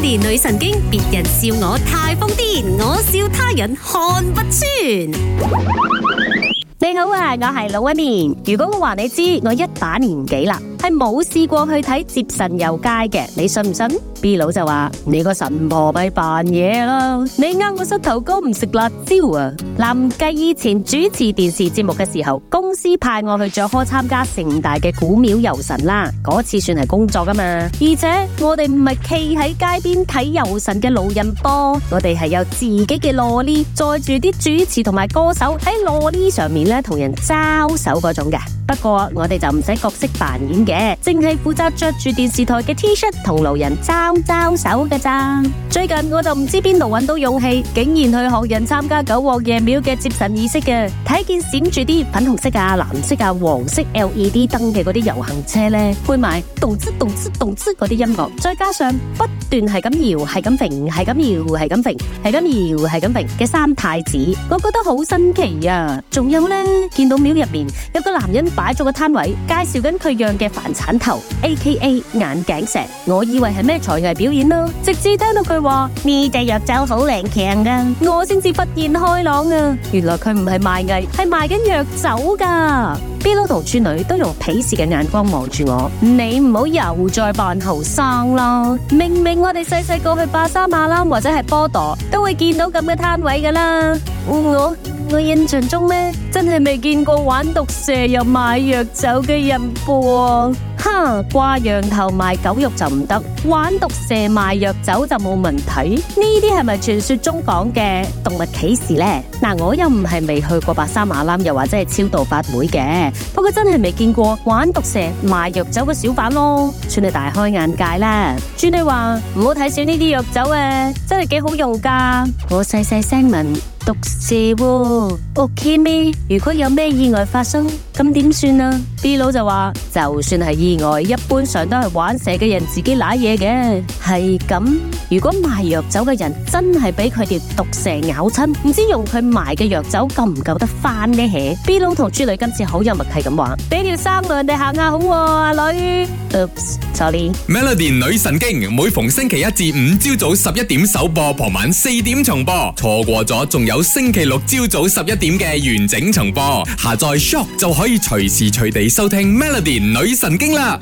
年女神經，別人笑我太瘋癲，我笑他人看不穿。你好啊，我係龍紋敏，如果我話你知，我一把年紀啦。係冇試過去睇接神遊街嘅，你信唔信？B 佬就話：你個神婆咪扮嘢咯，你呃我膝頭哥唔食辣椒啊！嗱、啊，唔計以前主持電視節目嘅時候，公司派我去着海參加盛大嘅古廟遊神啦，嗰次算係工作噶嘛。而且我哋唔係企喺街邊睇遊神嘅路人波，我哋係有自己嘅羅哩載住啲主持同埋歌手喺羅哩上面咧同人招手嗰種嘅。不過我哋就唔使角色扮演淨係負責着住電視台嘅 T 恤同路人招招手嘅咋。最近我就唔知邊度揾到勇氣，竟然去學人參加九皇爺廟嘅接神儀式嘅。睇見閃住啲粉紅色啊、藍色啊、黃色 LED 燈嘅嗰啲遊行車呢，配埋咚哧咚哧咚哧嗰啲音樂，再加上不斷係咁搖係咁揈係咁搖係咁揈係咁搖係咁揈嘅三太子，我覺得好新奇啊！仲有呢，見到廟入面有個男人擺咗個攤位，介紹緊佢養嘅。飯鏟頭，A K A 眼鏡蛇，我以為係咩才藝表演咯，直至聽到佢話呢隻藥酒好靈強噶，我先至忽然開朗啊！原來佢唔係賣藝，係賣緊藥酒噶。邊度同處女都用鄙視嘅眼光望住我，你唔好又再扮後生啦！明明我哋細細個去巴沙馬啦或者係波多都會見到咁嘅攤位噶啦。我印象中咩真係未見過玩毒蛇又賣藥酒嘅人噃，哈，掛羊頭賣狗肉就唔得，玩毒蛇賣藥酒就冇問題。呢啲係咪傳說中講嘅動物歧視呢？嗱、啊，我又唔係未去過白山馬欄，又或者係超度法會嘅，不過真係未見過玩毒蛇賣藥酒嘅小販咯。算你大開眼界啦！豬女話唔好睇少呢啲藥酒誒、啊，真係幾好用噶。我細細聲問。毒蛇喎，屋企咩？如果有咩意外發生，咁點算啊？B 佬就話，就算係意外，一般上都係玩蛇嘅人自己揦嘢嘅。係咁，如果賣藥酒嘅人真係俾佢條毒蛇咬親，唔知用佢賣嘅藥酒夠唔夠得翻呢？hea。B 佬同豬女今次好有默契咁話，俾條生路人哋行下好阿女。Oops，sorry。Melody 女神經每逢星期一至五朝早十一點首播，傍晚四點重播，錯過咗仲有星期六朝早十一點嘅完整重播，下載 SYOK 就可以隨時隨地收聽 Melody 女神經啦。